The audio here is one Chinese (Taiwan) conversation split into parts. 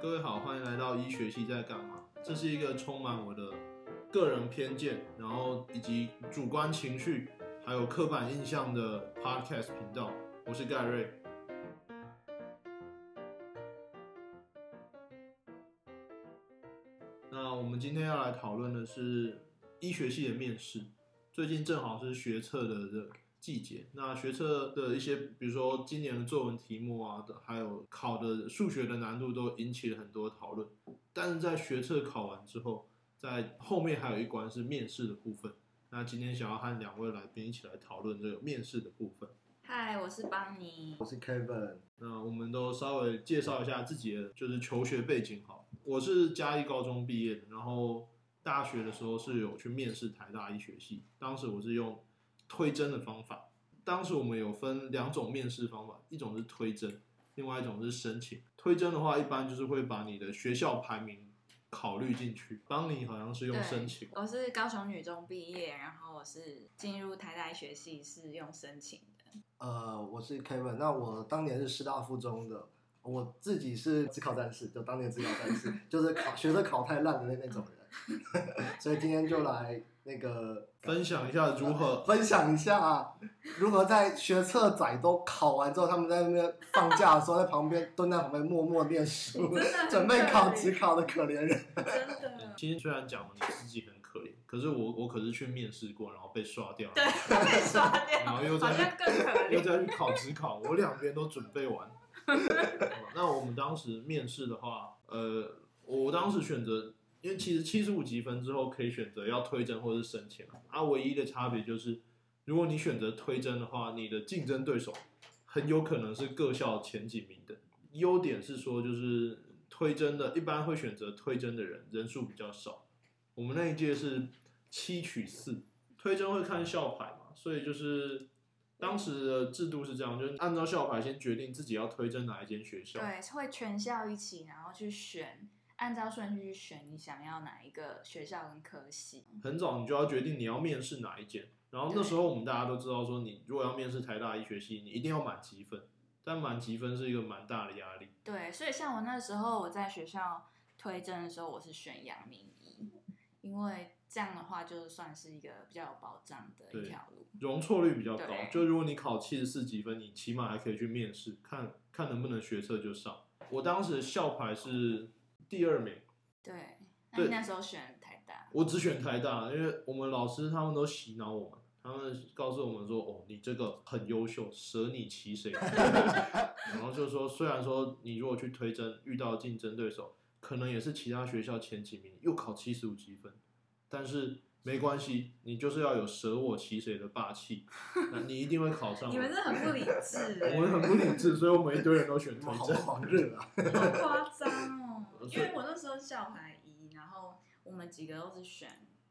各位好，歡迎來到醫學系在幹嘛？這是一個充滿我的個人偏見，然後以及主觀情緒，還有刻板印象的 podcast 頻道。我是蓋瑞。那我們今天要來討論的是醫學系的面試，最近正好是學測的這季節，那學測的一些，比如說今年的作文題目啊，還有考的數學的難度，都引起了很多討論。但是在學測考完之後，在後面還有一關是面試的部分。那今天想要和兩位來賓一起來討論這個面試的部分。嗨，我是邦尼，我是 Kevin。那我們都稍微介紹一下自己的就是求學背景。好，我是嘉義高中畢業的，然後大學的時候是有去面試台大醫學系，當時我是用。推甄的方法，當時我們有分兩種面試方法，一種是推甄，另外一種是申請。推甄的話，一般就是會把你的學校排名考慮進去。邦尼好像是用申請。我是高雄女中畢業，然後我是進入台大學系是用申請的。呃，我是 Kevin，那我當年是師大附中的，我自己是指考戰士，就當年指考戰士 就是考學的考太爛的那那種人。嗯 所以今天就來那個分享一下如何分享一下如何， 如何在學測仔都考完之後，他們在那邊放假的時候，在旁邊 蹲在旁邊默默念書，準備考指考的可憐人。今天的雖然講你自己很可憐，可是我我可是去面試過，然後被刷掉了，刷掉，然後又再又再去考指考，我兩邊都準備完。 那我們當時面試的話，呃，我當時選擇。因為其實七十五級分之後可以選擇要推甄或者是申請，啊，唯一的差別就是，如果你選擇推甄的話，你的競爭對手很有可能是各校前幾名的。優點是說，就是推甄的一般會選擇推甄的人人數比較少，我們那一屆是七取四，推甄會看校牌嘛，所以就是當時的制度是這樣，就是按照校牌先決定自己要推甄哪一間學校。對，會全校一起然後去選。按照順序去選你想要哪一個學校跟科系。很早你就要決定你要面試哪一間然後那時候我們大家都知道說，你如果要面試台大醫學系，你一定要滿級分，但滿級分是一個蠻大的壓力。對，所以像我那時候我在學校推甄的時候，我是選陽明醫因為這樣的話就算是一個比較有保障的一條路，容錯率比較高。對就如果你考七十四級分，你起碼還可以去面試，看看能不能學測就上。我當時的校牌是。第二名，對，對，那你那時候選台大？我只選台大，因為我們老師他們都洗腦我們，他們告訴我們說，哦，你這個很優秀，舍你其誰？ 然後就說，雖然說你如果去推甄遇到競爭對手，可能也是其他學校前幾名，又考七十五級分，但是沒關係，你就是要有舍我其誰的霸氣， 那你一定會考上。你們是很不理智、欸， 我們很不理智，所以我們一堆人都選推麼好好熱啊，好誇張。 因為我那時候校排一，然後我們幾個都是選，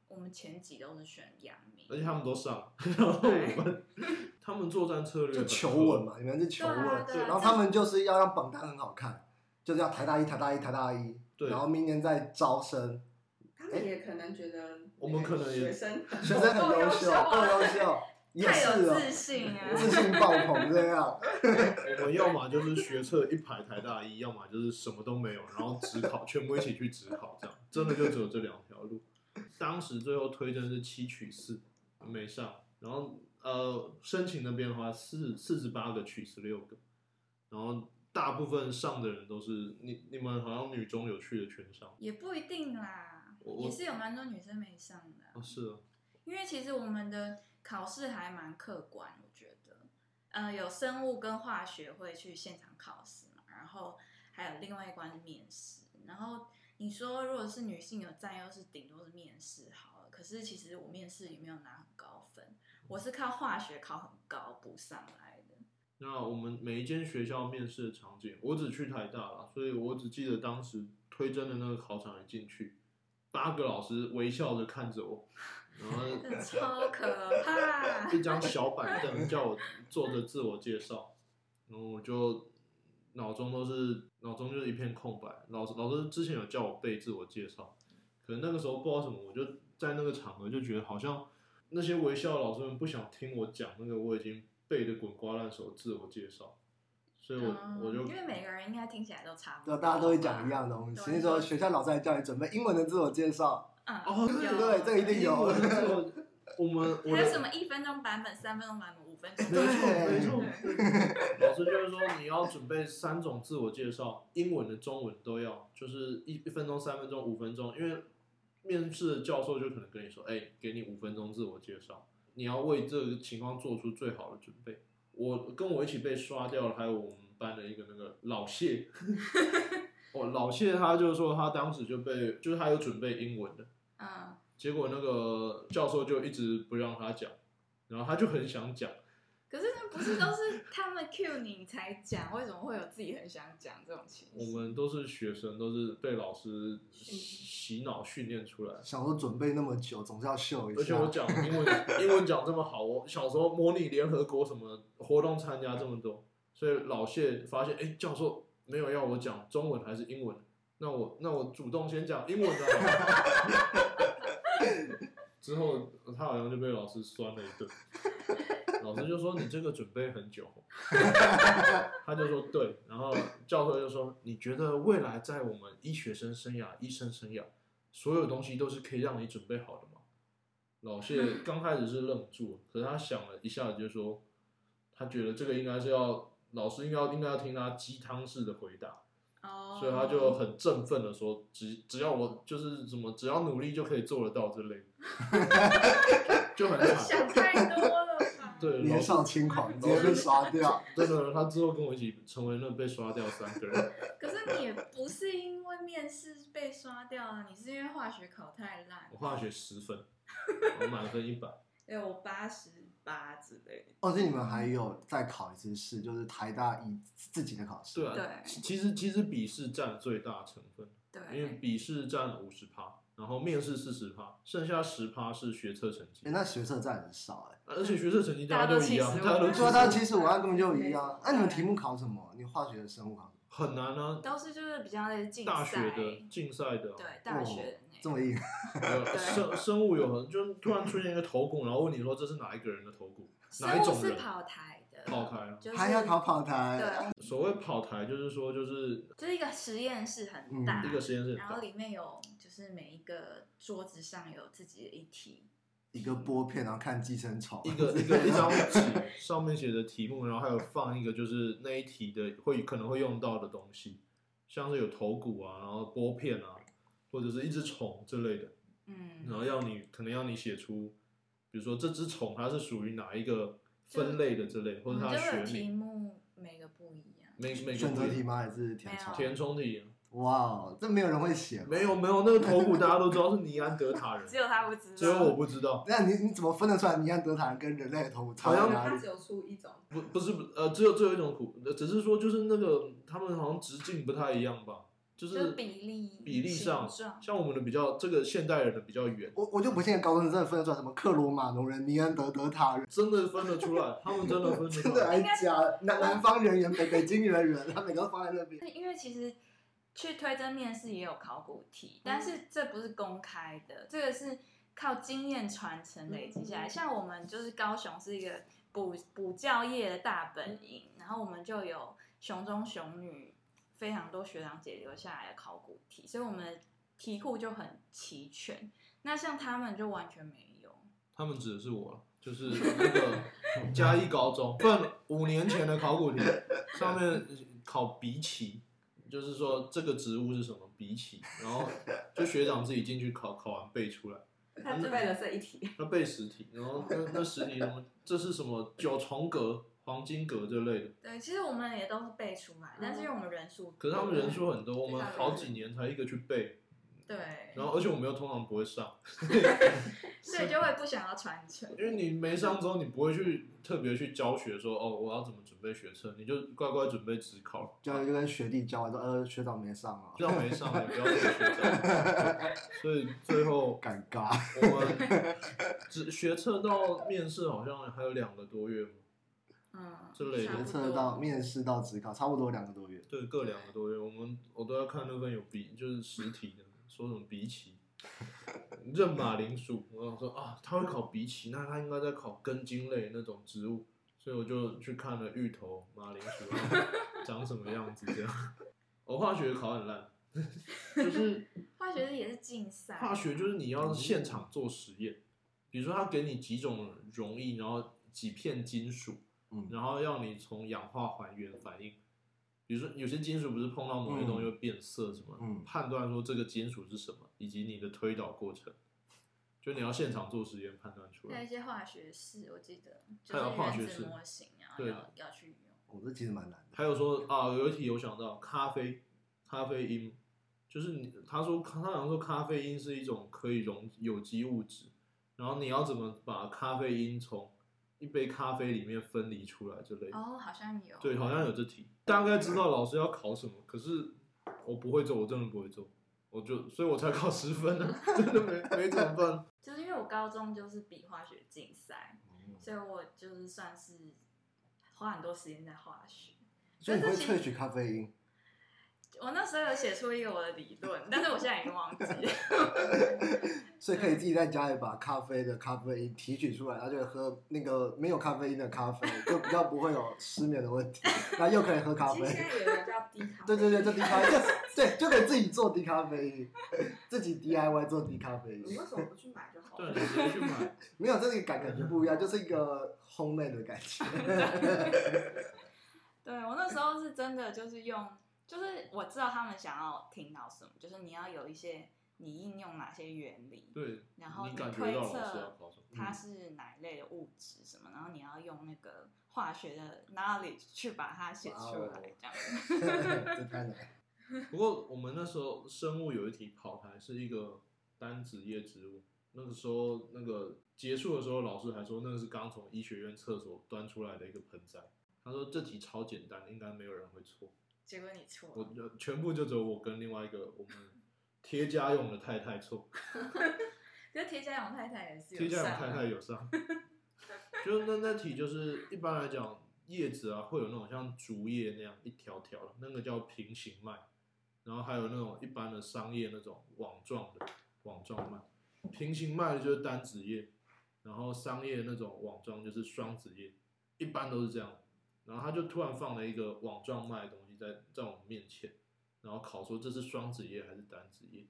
我們前幾個都是選陽明，而且他們都上，然後我們 他們作戰策略就求穩嘛，你們呵是求穩，然後他們就是要讓榜單很好看，就是要台大一對，台大一，台大一，然後明年再招生，他們也可能覺得、欸、我們可能學生學生很優 秀，夠優對秀。Yes 太有自信啊，啊！自信爆棚這樣 。我們要麼就是學測一排台大一， 要麼就是什麼都沒有，然後指考，全部一起去指考，這樣真的就只有這兩條路。當時最後推甄是七取四，沒上。然後呃，申請那邊的話，四四十八個取十六個，然後大部分上的人都是你你們好像女中有去的全上，也不一定啦，我也是有蠻多女生沒上的。哦，是啊，因為其實我們的。考試還蠻客觀，我覺得，嗯、呃，有生物跟化學會去現場考試嘛，然後還有另外一關是面試。然後你說如果是女性有佔優勢，頂多是面試好了。可是其實我面試也沒有拿很高分，我是靠化學考很高補上來的。那我們每一間學校面試的場景，我只去台大啦，所以我只記得當時推甄的那個考場一進去，八個老師微笑着看着我，然後就 超可怕，一張小板凳叫我坐着自我介紹，然後我就腦中都是腦中就是一片空白。老師老師之前有叫我背自我介紹，可是那個時候不知道什麼，我就在那個場合就覺得好像那些微笑老師們不想聽我講那個我已經背的滾瓜爛熟的自我介紹。所以，我我就因為每個人應該聽起來都差不多，大家都會講一樣的東西。所以說，學校老師在叫你準備英文的自我介紹，嗯，哦，對對對，這個一定有。我們還有什麼一分鐘版本、三分鐘版本、五分鐘？沒錯，沒錯。老師就是說，你要準備三種自我介紹，英文的、中文都要，就是一一分鐘、三分鐘、五分鐘。因為面試的教授就可能跟你說：“哎，給你五分鐘自我介紹，你要為這個情況做出最好的準備。”我跟我一起被刷掉了，還有我們班的一個那個老謝， 哦，老謝他就是說他當時就被，就是他有準備英文的，uh. 結果那個教授就一直不讓他講，然後他就很想講。可是那不是都是他們 Q 你才講？為什麼會有自己很想講這種情況？我們都是學生，都是被老師洗腦訓練出來。想說準備那麼久，總是要秀一下。而且我講英文， 英文講這麼好，我小時候模擬聯合國什麼活動參加這麼多，所以老謝發現，哎、欸，教授沒有要我講中文還是英文，那我那我主動先講英文了。 之後他好像就被老師酸了一頓。老師就說：“你這個準備很久。”他就說：“對。”然後教授就說：“你覺得未來在我們醫學生生涯、醫生生涯，所有東西都是可以讓你準備好的嗎？”老謝剛開始是愣住，可是他想了一下，就說：“他覺得這個應該是要老師應該應該要聽他雞湯式的回答。”哦，所以他就很振奮的說：“只只要我就是什麼，只要努力就可以做得到這類。 就很”哈哈哈想太多。對，年少輕狂直接子被刷掉，真的 對對對。他之後跟我一起成為那被刷掉三個人。 可是你也不是因為面試被刷掉啊，你是因為化學考太爛啊。我化學十分，我滿分一百。哎， 我八十八之類的。哦，而且你們還有再考一次試，就是台大醫自己的考試。對啊。對。其實其實筆試佔最大成分，對，因為筆試佔了五十趴。然後面試四十趴，剩下十趴是學測成績。那學測佔很少哎，而且學測成績大家都一樣，他如果他七十五文案根本就一樣。那你們題目考什麼？你化學的生物考什麼？很難啊，都是就是比較競賽的，競賽的，對，大學這麼硬。生生物有很就突然出現一個頭骨，然後問你說，這是哪一個人的頭骨？哪一種人？是跑台的，跑台，還要考跑台。對，所謂跑台就是說就是就是一個實驗室很大，一個實驗室，然後裡面有。是每一個桌子上有自己的一題，一個玻片，然後看寄生蟲， 一個一個一張紙上面寫的題目，然後還有放一個就是那一題的會可能會用到的東西，像是有頭骨啊，然後玻片啊，或者是一只蟲之類的。嗯，然後要你可能要你寫出，比如說這只蟲它是屬於哪一個分類的之類的，就或者它學名。每個題目每個不一樣。每每個選擇題嗎還是填填充題。哇哦，wow, 這沒有人會寫。沒有沒有，那個頭骨大家都知道是尼安德塔人。 只有他不知道。只有我不知道。那是你你怎麼分得出來尼安德塔人跟人類的頭骨在哪裡？好像他只有出一種。不不是呃，只有只有一種骨，只是說就是那個他們好像直徑不太一樣吧，就是比例比例上，像我們的比較這個現代人的比較圓。我我就不信高中真的分得出來什麼克羅馬農人、尼安德、德塔人，真的分得出來，他們真的分得出來 真的還假的？南南方人猿、北北京猿人，他每個都放在那邊。因為其實。去推甄面試也有考古題，但是這不是公開的，這個是靠經驗傳承累積下來。像我們就是高雄是一個補補教業的大本營，然後我們就有雄中雄女非常多學長姐留下來的考古題，所以我們的題庫就很齊全。那像他們就完全沒有，他們指的是我，就是那個嘉義高中分 五年前的考古題，上面考鼻鰭。就是說這個植物是什麼？比起，然後就學長自己進去考，考完背出來。他只背了這一題。他背十題， 然後那那十題，這是什麼？九重葛、黃金葛這類的。對，其實我們也都是背出來，然後，但是因為我們人數，可是他們人數很多，我們好幾年才一個去背。對，然後而且我們又通常不會上， 是所以就會不想要傳承，因為你沒上之後，你不會去特別去教學說，說哦，我要怎麼準備學測？你就乖乖準備指考。就就跟學弟教，說呃學長沒上啊，學長沒上，你不要學長。 所以最後尷尬。我們只學測到面試，好像還有兩個多月嗯，這類學測到面試到指考，差不多兩個多月。對，各兩個多月。我們我都要看那份有比就是實體的。說什麼荸薺、認馬鈴薯？我想說啊，他會考荸薺，那他應該在考根莖類那種植物，所以我就去看了芋頭、馬鈴薯長什麼樣子。這樣，我、 哦、化學考很爛， 就是化學也是競賽，化學就是你要現場做實驗，嗯、比如說他給你幾種溶液，然後幾片金屬，嗯，然後讓你從氧化還原反應，比如說，有些金屬不是碰到某一種會變色什麼？嗯嗯、判斷說這個金屬是什麼，以及你的推導過程，就你要現場做實驗判斷出來。還有一些化學式，我記得，還、就是、有化學式對，模型，然後要去用。啊、哦，這其實蠻難的。還有說啊，有一題有想到咖啡，咖啡因，就是你他說他好像說咖啡因是一種可以溶有機物質，然後你要怎麼把咖啡因從。一杯咖啡裡面分離出來之類的哦，好像有對，好像有這題，大概知道老師要考什麼，可是我不會做，我真的不會做，我就所以，我才考十分呢、啊，真的沒沒幾分。就是因為我高中就是比化學競賽，嗯、所以我就是算是花很多時間在化學，所以你會萃取咖啡因。我那時候有寫出一個我的理論， 但是我現在已經忘記了所以可以自己在家裡把咖啡的咖啡提取出來，然後就喝那個沒有咖啡因的咖啡，就比較不會有失眠的問題。那 又可以喝咖啡，咖啡對對對，這地方就， 就對，就得自己做低咖啡 自己 DIY 做低咖啡對 你為什麼不去買就好了？對，不去買， 沒有這裡、個、感感覺不一樣，就是一個 home made 的感覺。 對，我那時候是真的，就是用，就是我知道他們想要聽到什麼，就是你要有一些。你應用哪些原理？對，然後你推測它是哪一類的物質什麼？嗯、然後你要用那個化學的 knowledge 去把它寫出來，這樣子，呵呵這太難。 不過我們那時候生物有一題跑台是一個單子葉植物，那個時候那個結束的時候，老師還說那個是剛從醫學院廁所端出來的一個盆栽。他說這題超簡單，應該沒有人會錯。結果你錯了。全部就只有我跟另外一個我們。 貼家用的太太錯， 可是貼家用太太也是貼家用太太有傷， 就那那題就是一般來講葉子啊會有那種像竹葉那樣一條條的那個叫平行脈，然後還有那種一般的桑葉那種網狀的網狀脈，平行脈就是單子葉，然後桑葉那種網狀就是雙子葉，一般都是這樣，然後他就突然放了一個網狀脈的東西在在我們面前。然後考說這是雙子葉還是單子葉，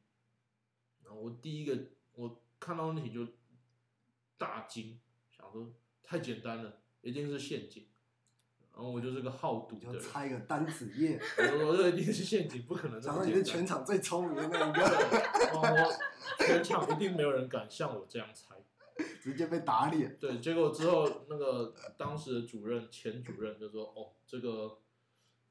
然後我第一個我看到問題就大驚，想說太簡單了，一定是陷阱，然後我就是個好賭的人，猜個單子葉，我就說這一定是陷阱，不可能這麼簡單。你是全場最聰明的那一個。嗯，我，全場一定沒有人敢像我這樣猜，直接被打臉。對，結果之後那個當時的主任前主任就說，哦，這個。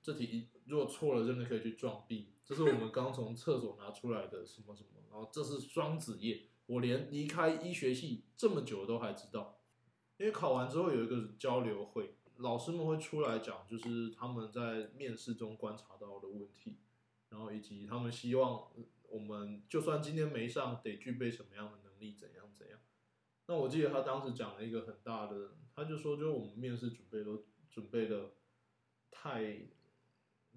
這題如果錯了，真的可以去撞壁。這是我們剛從廁所拿出來的什麼什麼，然後這是雙子葉。我連離開醫學系這麼久都還知道，因為考完之後有一個交流會，老師們會出來講，就是他們在面試中觀察到的問題，然後以及他們希望我們就算今天沒上，得具備什麼樣的能力，怎樣怎樣。那我記得他當時講了一個很大的，他就說，就我們面試準備都準備得太。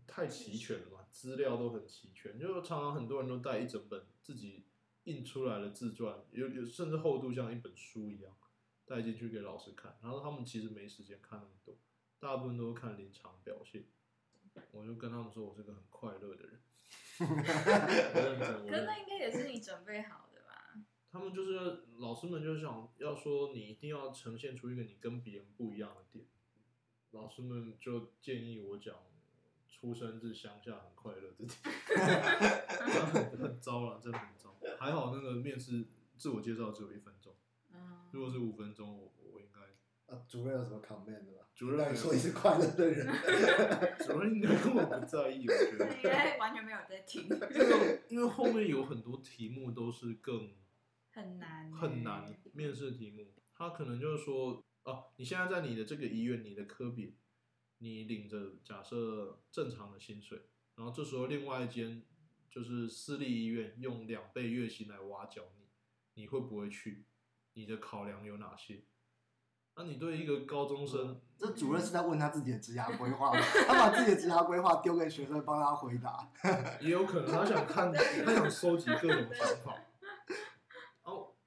太齊全了嘛，資料都很齊全，就是常常很多人都帶一整本自己印出來的自傳，有有甚至厚度像一本書一樣帶進去給老師看。然後他們其實沒時間看那麼很多，大部分都是看臨場表現。我就跟他們說我是個很快樂的人。可是那應該也是你準備好的吧？他們就是老師們就想要說你一定要呈現出一個你跟別人不一樣的點，老師們就建議我講，出生在鄉下，很快樂的地方 很糟了，這很糟。還好那個面試自我介紹只有一分鐘。嗯、如果是五分鐘，我我應該、啊、主任有什麼 comment 的吧？主任說你是快樂的人。 主任應該根本不在意，我覺得，因為完全沒有在聽因。因為後面有很多題目都是更很難、欸、很難面試題目，他可能就是說哦、啊，你現在在你的這個醫院，你的科別。」你領着假設正常的薪水，然後這時候另外一間就是私立醫院用兩倍月薪來挖角你，你會不會去？你的考量有哪些？那、啊、你對一個高中生、嗯，這主任是在問他自己的職涯規劃嗎？他把自己的職涯規劃丟給學生幫他回答， 也有可能他想看，他想收集各種想法。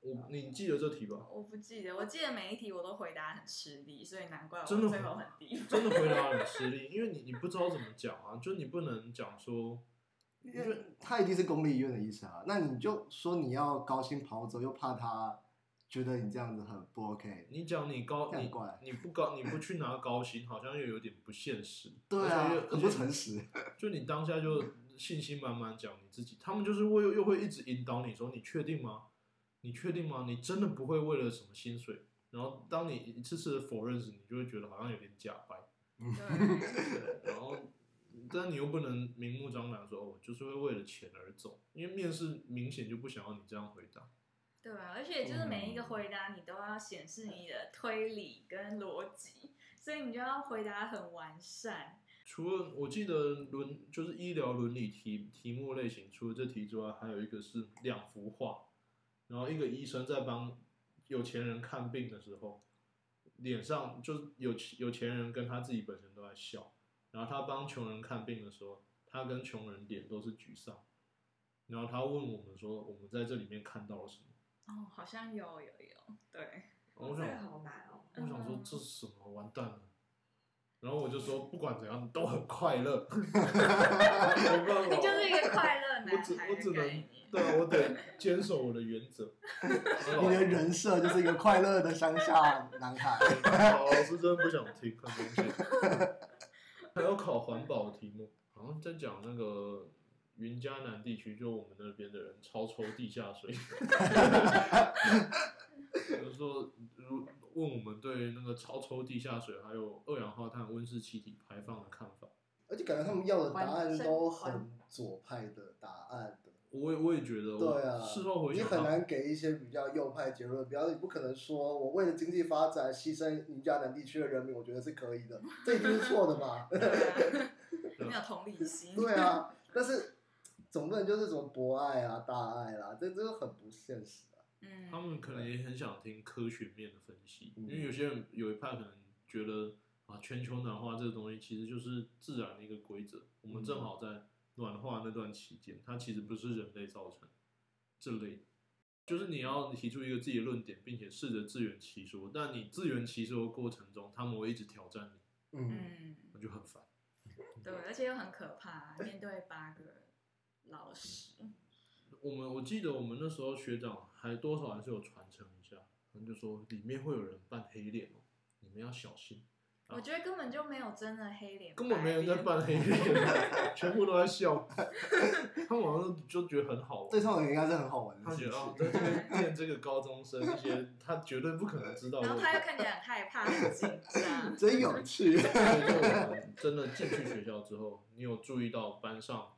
我你記得這題吧？我不記得，我記得每一題我都回答很吃力，所以難怪我最後很低真很、啊。真的回答很吃力， 因為你你不知道怎麼講啊，就你不能講說，因為，他一定是公立醫院的意思啊，那你就說你要高薪跑走，又怕他覺得你這樣子很不 OK 你你。你講你高你你不高你不去拿高薪， 好像又有點不現實，對又、啊，而且很不誠實。 就你當下就信心滿滿講你自己，他們就是會又，又會一直引導你說你確定嗎？你確定嗎？你真的不會為了什麼薪水？然後當你一次次的否認時，你就會覺得好像有點假掰嗯對，對。然後，但你又不能明目張膽說“我、哦、就是會為了錢而走”，因為面試明顯就不想要你這樣回答。對啊，而且，就是每一個回答你都要顯示你的推理跟邏輯，嗯、所以你就要回答很完善。除了我記得倫，就是醫療倫理題題目類型，除了這題之外，還有一個是兩幅畫。然後一個醫生在幫有錢人看病的時候，臉上就是有錢有錢人跟他自己本身都在笑，然後他幫窮人看病的時候，他跟窮人臉都是沮喪。然後他問我們說，我們在這裡面看到了什麼？哦，好像有有有,有，對，這好難哦。我想說這是什麼？完蛋了。嗯然後我就說，不管怎樣都很快樂。 你就是一個快樂男孩。 我只我只能， 對，我得堅守我的原則。你的人設就是一個快樂的鄉下男孩。老師 真的不想聽還是不想聽？ 還有考環保題目，好像在講那個雲嘉南地區，就我們那邊的人超抽地下水。 對那個超抽地下水，還有二氧化碳溫室氣體排放的看法，而且感覺他們要的答案都很左派的答案的。我也我也覺得我，對啊，你很難給一些比較右派結論，比方說你不可能說我為了經濟發展犧牲雲嘉南地區的人民，我覺得是可以的，這一定是錯的吧？沒有同理心， 對啊，但是總不能就是什麼博愛啊、大愛啦、啊，這真的很不現實。他們可能也很想聽科學面的分析，嗯，因為有些人有一派可能覺得啊，全球暖化這個東西其實就是自然的一個規則，嗯，我們正好在暖化那段期間，它其實不是人類造成這類，就是你要提出一個自己的論點，並且試着自圓其說，但你自圓其說的過程中，他們會一直挑戰你，嗯，我就很煩，對，而且又很可怕，對，面對八個老師。我們我記得我們那時候學長還多少還是有傳承一下，他就說裡面會有人扮黑臉、喔、你們要小心。啊、我覺得根本就沒有真的黑臉，根本沒人在扮黑臉， 全部都在笑。他們好像就覺得很好玩，那 他們應該是很好玩的。 他覺得哦、啊，在這邊練這個高中生那些，他絕對不可能知道。然後他又看起來很害怕、很緊張，真有趣。 我們真的進去學校之後，你有注意到班上？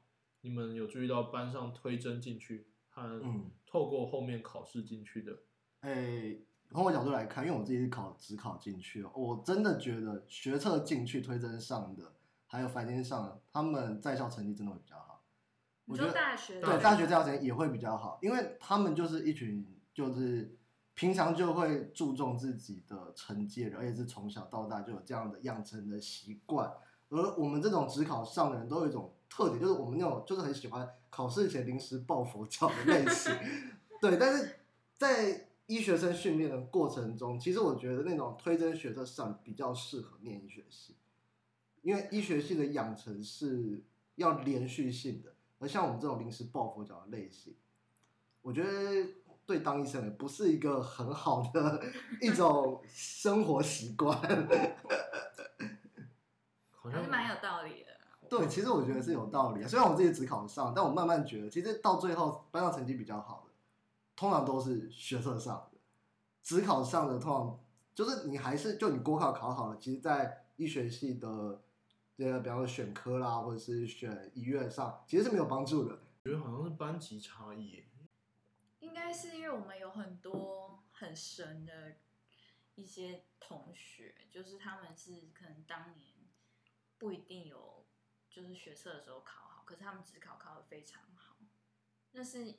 你們有注意到班上推甄進去和透過後面考試進去的？誒、嗯，從、欸、我角度來看，因為我自己是考指考進去，我真的覺得學測進去推甄上的，還有繁星上的，他們在校成績真的會比較好。你我覺得大學對大學在校成績也會比較好，因為他們就是一群就是平常就會注重自己的成績，而且是從小到大就有這樣的養成的習慣。而我們這種指考上的人都有一種。特點就是我們那種就是很喜歡考試前臨時抱佛腳的類型，對。但是在醫學生訓練的過程中，其實我覺得那種推甄學的上比較適合念醫學系，因為醫學系的養成是要連續性的，而像我們這種臨時抱佛腳的類型，我覺得對當醫生也不是一個很好的一種生活習慣。對，其實我覺得是有道理啊。雖然我自己只考得上，但我慢慢覺得，其實到最後班上成績比較好的，通常都是學測上的，只考上的，通常就是你還是就你國考考好了。其實，在醫學系的這個，比方說選科啦，或者是選醫院上，其實是沒有幫助的。覺得好像是班級差異，應該是因為我們有很多很神的一些同學，就是他們是可能當年不一定有，就是學測的時候考好，可是他們指考考得非常好，那是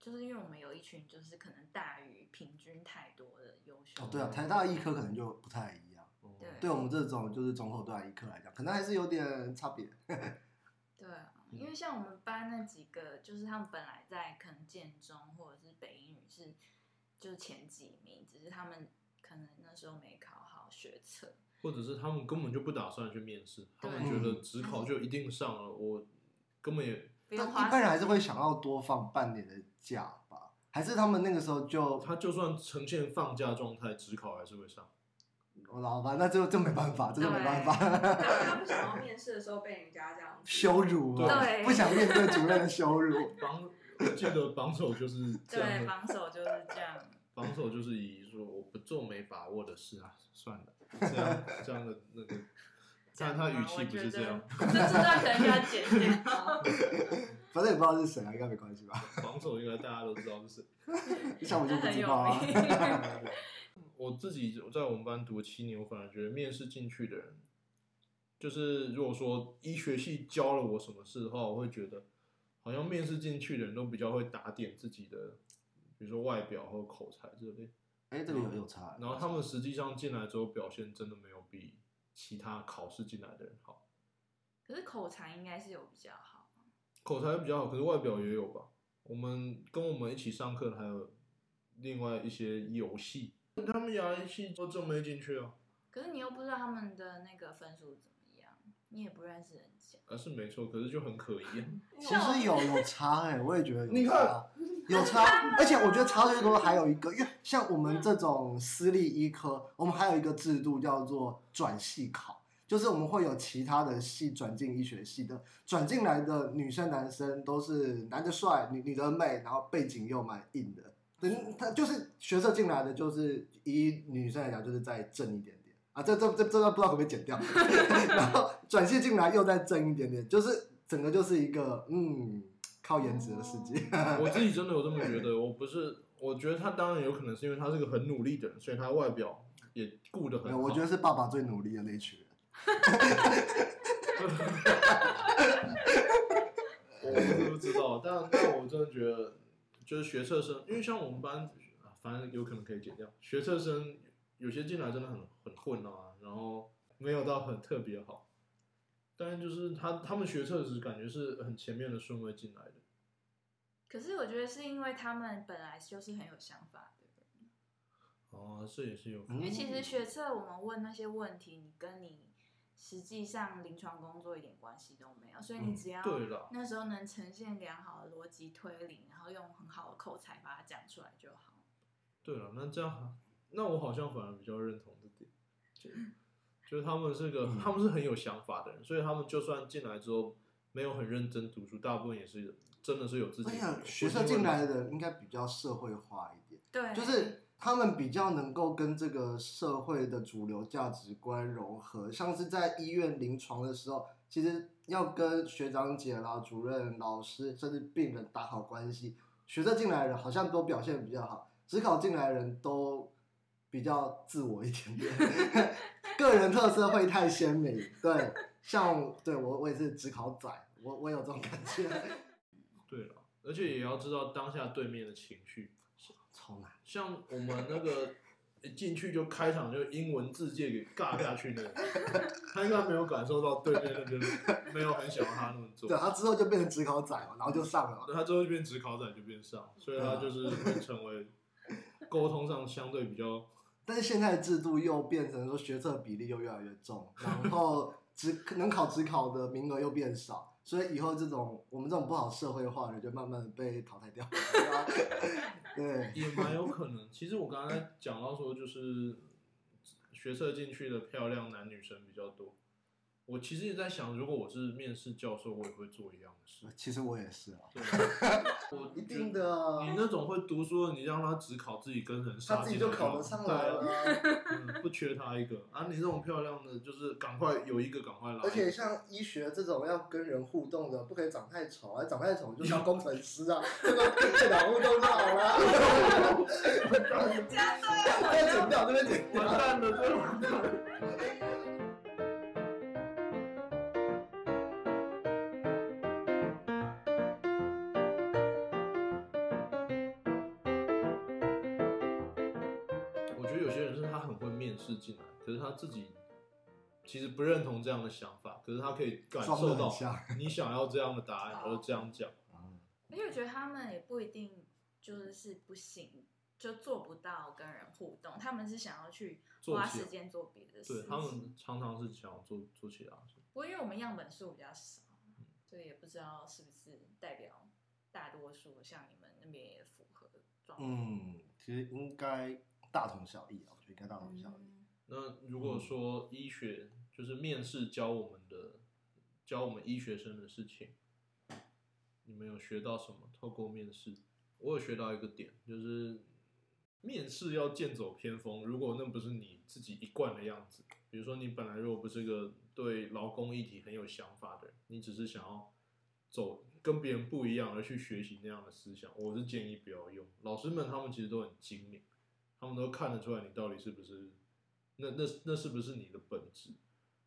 就是因為我們有一群就是可能大於平均太多的優秀的。哦，對啊，台大醫科可能就不太一樣，哦、對，對我們這種就是中後段醫科來講，可能還是有點差別。 對、啊，因為像我們班那幾個，就是他們本來在可能建中或者是北一女是就是前幾名，只是他們可能那時候沒考好學測。或者是他們根本就不打算去面試，對他們覺得指考，就一定上了，我根本也。一般人還是會想要多放半年的假吧？還是他們那個時候就他就算呈現放假狀態，指考還是會上？我、哦、老闆，那就這沒辦法，這個沒辦法。對 他們不想要面試的時候被人家這樣羞辱、哦，對，不想面對主任的羞辱。榜我 記得榜首就是這樣的對，榜首就是這樣。防守就是以說我不做沒把握的事啊，算了，這樣這樣的那個，但他語氣不是這樣， 這這段可能要剪掉。 反正也不知道是誰啊，應該沒關係吧。防守應該大家都知道、就是誰，像 我就不知、啊、 我自己在我們班讀七年，我反而覺得面試進去的人，就是如果說醫學系教了我什麼事的話，我會覺得好像面試進去的人都比較會打點自己的。比如說外表和口才之類，哎，這個很有差。然後他們實際上進來之後表現真的沒有比其他考試進來的人好。可是口才應該是有比較好。口才比較好，可是外表也有吧？我們跟我們一起上課的還有另外一些遊戲，他們演戲都就沒進去啊。可是你又不知道他們的那個分數。你也不認識人家，而、啊、是沒錯，可是就很可疑、啊。其實有有差哎、欸，我也覺得有差，看有差，而且我覺得差最多還有一個，是因為像我們這種私立醫科，我們還有一個制度叫做轉系考，就是我們會有其他的系轉進醫學系的，轉進來的女生、男生都是男的帥，女女的美，然後背景又蠻硬的，等他就是學社進來的，就是以女生來講，就是再正一點。啊、這這這這段不知道可不可以剪掉， 然後轉系進來又再增一點點，就是整個就是一個嗯靠顏值的世界。 我自己真的有這麼覺得，我不是我覺得他當然有可能是因為他是個很努力的人，所以他外表也顧得很好、嗯、我覺得是爸爸最努力的那一群哈哈哈我不知道，但但我真的覺得就是學測生，因為像我們班，反正有可能可以剪掉。學測生有些進來真的很很混、啊。沒有到很特別好，但是就是他他們學測時感覺是很前面的順位進來的。可是我覺得是因為他們本來就是很有想法的人哦，這也是有方。因為其實學測我們問那些問題，你跟你實際上臨床工作一點關係都沒有，所以你只要那時候能呈現良好的邏輯推理，嗯，然後用很好的口才把它講出來就好。對了，那這樣，那我好像反而比較認同這點。嗯就是他們是個，他們是很有想法的人，嗯，所以他們就算進來之後沒有很認真讀書，大部分也是真的是有自己的。哎呀，學生進來的人應該比較社會化一點，對，就是他們比較能夠跟這個社會的主流價值觀融合。像是在醫院臨床的時候，其實要跟學長姐啦、主任、老師甚至病人打好關係，學生進來的人好像都表現比較好，指考進來的人都。比較自我一點點， 個人特色會太鮮明。對，像對我我也是指考仔，我我有這種感覺。對了，而且也要知道當下對面的情緒，是吧，超難、嗯。像我們那個一進去就開場就英文自介給尬下去那個， 他應該沒有感受到對面那邊沒有很喜歡他那麼做。對，他之後就變成指考仔嘛，然後就上了嘛。對，他之後就變指考仔，就變上，所以他就是會成為溝通上相對比較。但是現在的制度又變成說，學測比例又越來越重，然後只能考指考的名額又變少，所以以後這種我們這種不好社會化的人就慢慢的被淘汰掉了對吧。對，也蠻有可能。其實我剛才講到說，就是學測進去的漂亮男女生比較多。我其實也在想，如果我是面試教授，我也會做一樣的事。其實我也是啊，對啊，我一定的。你那種會讀書的，你讓他只考自己跟人，他自己就考得上來了啊，嗯，不缺他一個。啊，你那種漂亮的，就是趕快有一個趕快來。而且像醫學這種要跟人互動的，不可以長太醜啊，長太醜就像工程師啊，這個電腦互動就好了。這邊剪掉，這邊剪， 自己其實不認同這樣的想法，可是他可以感受到你想要這樣的答案的 而這樣講。因為我覺得他們也不一定就是是不行，就做不到跟人互動。他們是想要去花時間做別的事情，事對他們常常是想要做做其他事。不過因為我們樣本數比較少，嗯、所以也不知道是不是代表大多數，像你們那邊也符合狀況。嗯，其實應該大同小異啊、哦，我覺得應該大同小異。嗯那如果說醫學，嗯，就是面試教我們的，教我們醫學生的事情，你們有學到什麼？透過面試，我有學到一個點，就是面試要劍走偏鋒。如果那不是你自己一貫的樣子，比如說你本來如果不是一個對勞工議題很有想法的人，你只是想要走跟別人不一樣而去學習那樣的思想，我是建議不要用。老師們他們其實都很精明，他們都看得出來你到底是不是。那那那是不是你的本質？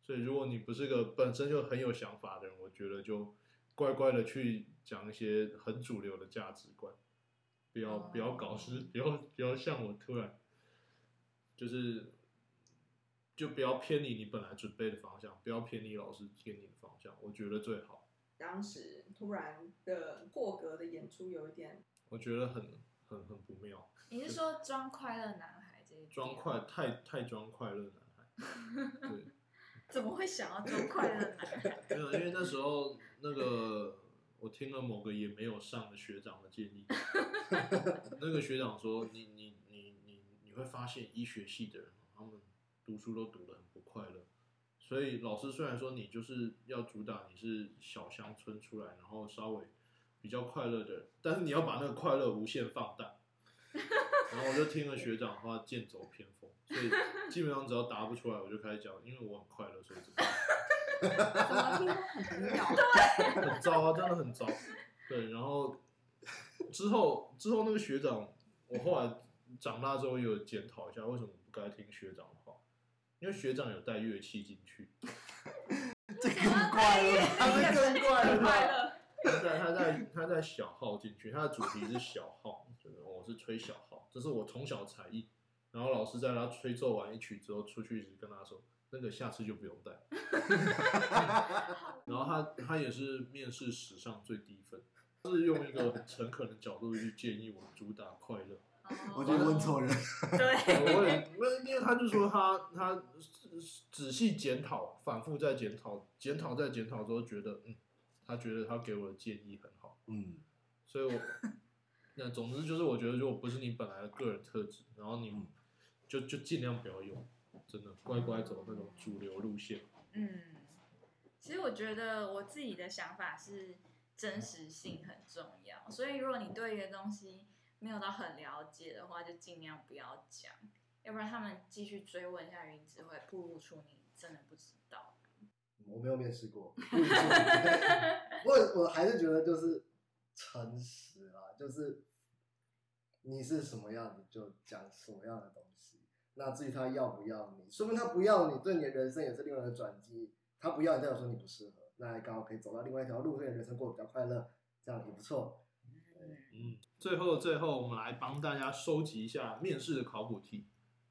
所以如果你不是個本身就很有想法的人，我覺得就乖乖的去講一些很主流的價值觀，不要不要搞事，不要不要像我突然就是就不要偏離你本來準備的方向，不要偏離老師給你的方向，我覺得最好。當時突然的破格的演出有一點，我覺得很很很不妙。你是說裝快樂呢？裝快太太裝快樂男孩，對， 怎麼會想要裝快樂男孩？沒有， 因為那時候那個我聽了某個也沒有上的學長的建議， 那個學長說，你你你你你會發現醫學系的人，他們讀書都讀得很不快樂，所以老師雖然說你就是要主打你是小鄉村出來，然後稍微比較快樂的人，但是你要把那個快樂無限放大。 然後我就聽了學長的話，劍走偏鋒，所以基本上只要答不出來，我就開始講，因為我很快樂，所以知道。聽 很很糟啊，真的很糟，對。然後之後之後那個學長，我後來長大之後也有檢討一下，為什麼不該聽學長的話？因為學長有帶樂器進去，這更怪了，這更怪了。樂。他在他在他在小號進去，他的主題是小號，就是、我是吹小號。這是我從小才藝，然後老師在他吹奏完一曲之後，出去一直跟他說：“那個下次就不用帶。 嗯”然後他他也是面試史上最低分，他是用一個很誠懇的角度去建議我主打快樂。Oh, 我覺得問錯人。他對。問，問，因為他就說他他仔細檢討，反復在檢討，檢討再檢討之後，覺得嗯，他覺得他給我的建議很好。嗯， 所以我。那總之就是，我覺得如果不是你本來的個人特質，然後你，就就盡量不要用，真的乖乖走那種主流路線。嗯，其實我覺得我自己的想法是真實性很重要，所以如果你對一個東西沒有到很了解的話，就盡量不要講，要不然他們繼續追問一下，云子會暴露出你真的不知道。我沒有面試過，我 我還是覺得就是。誠實啦、啊，就是你是什麼樣子就講什麼樣的東西。那至於他要不要你，說不定，他不要你，對你的人生也是另外一個轉機。他不要你，代表說你不適合，那還剛好可以走到另外一條路，對你人生過得比較快樂，這樣也不錯。嗯，最後最後，我們來幫大家收集一下面試的考古題。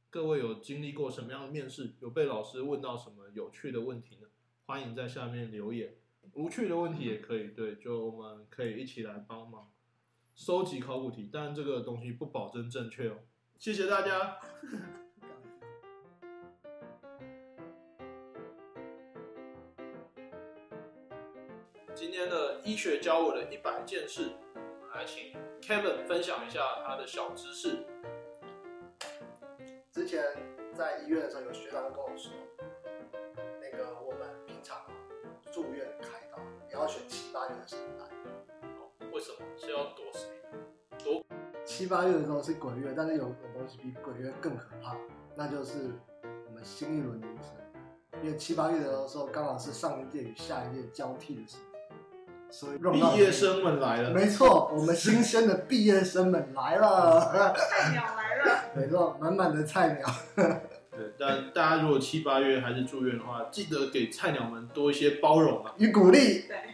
各位有經歷過什麼樣的面試？有被老師問到什麼有趣的問題呢？歡迎在下面留言。無趣的問題也可以，對，就我們可以一起來幫忙收集考古題，但這個東西不保證正確哦。謝謝大家。 今天的醫學教我的一百件事，還請 Kevin 分享一下他的小知識。之前在醫院的時候，有學長跟我說。哦、為什麼？是要躲誰？躲七八月的時候是鬼月，但是有有東西比鬼月更可怕，那就是我們新一輪新生。因為七八月的時候剛好是上一屆與下一屆交替的時候，所以畢業生們來了。沒錯，我們新鮮的畢業生們來了， 菜鳥來了。沒錯，滿滿的菜鳥。 對，但大家如果七八月還是住院的話，記得給菜鳥們多一些包容啊與鼓勵。對。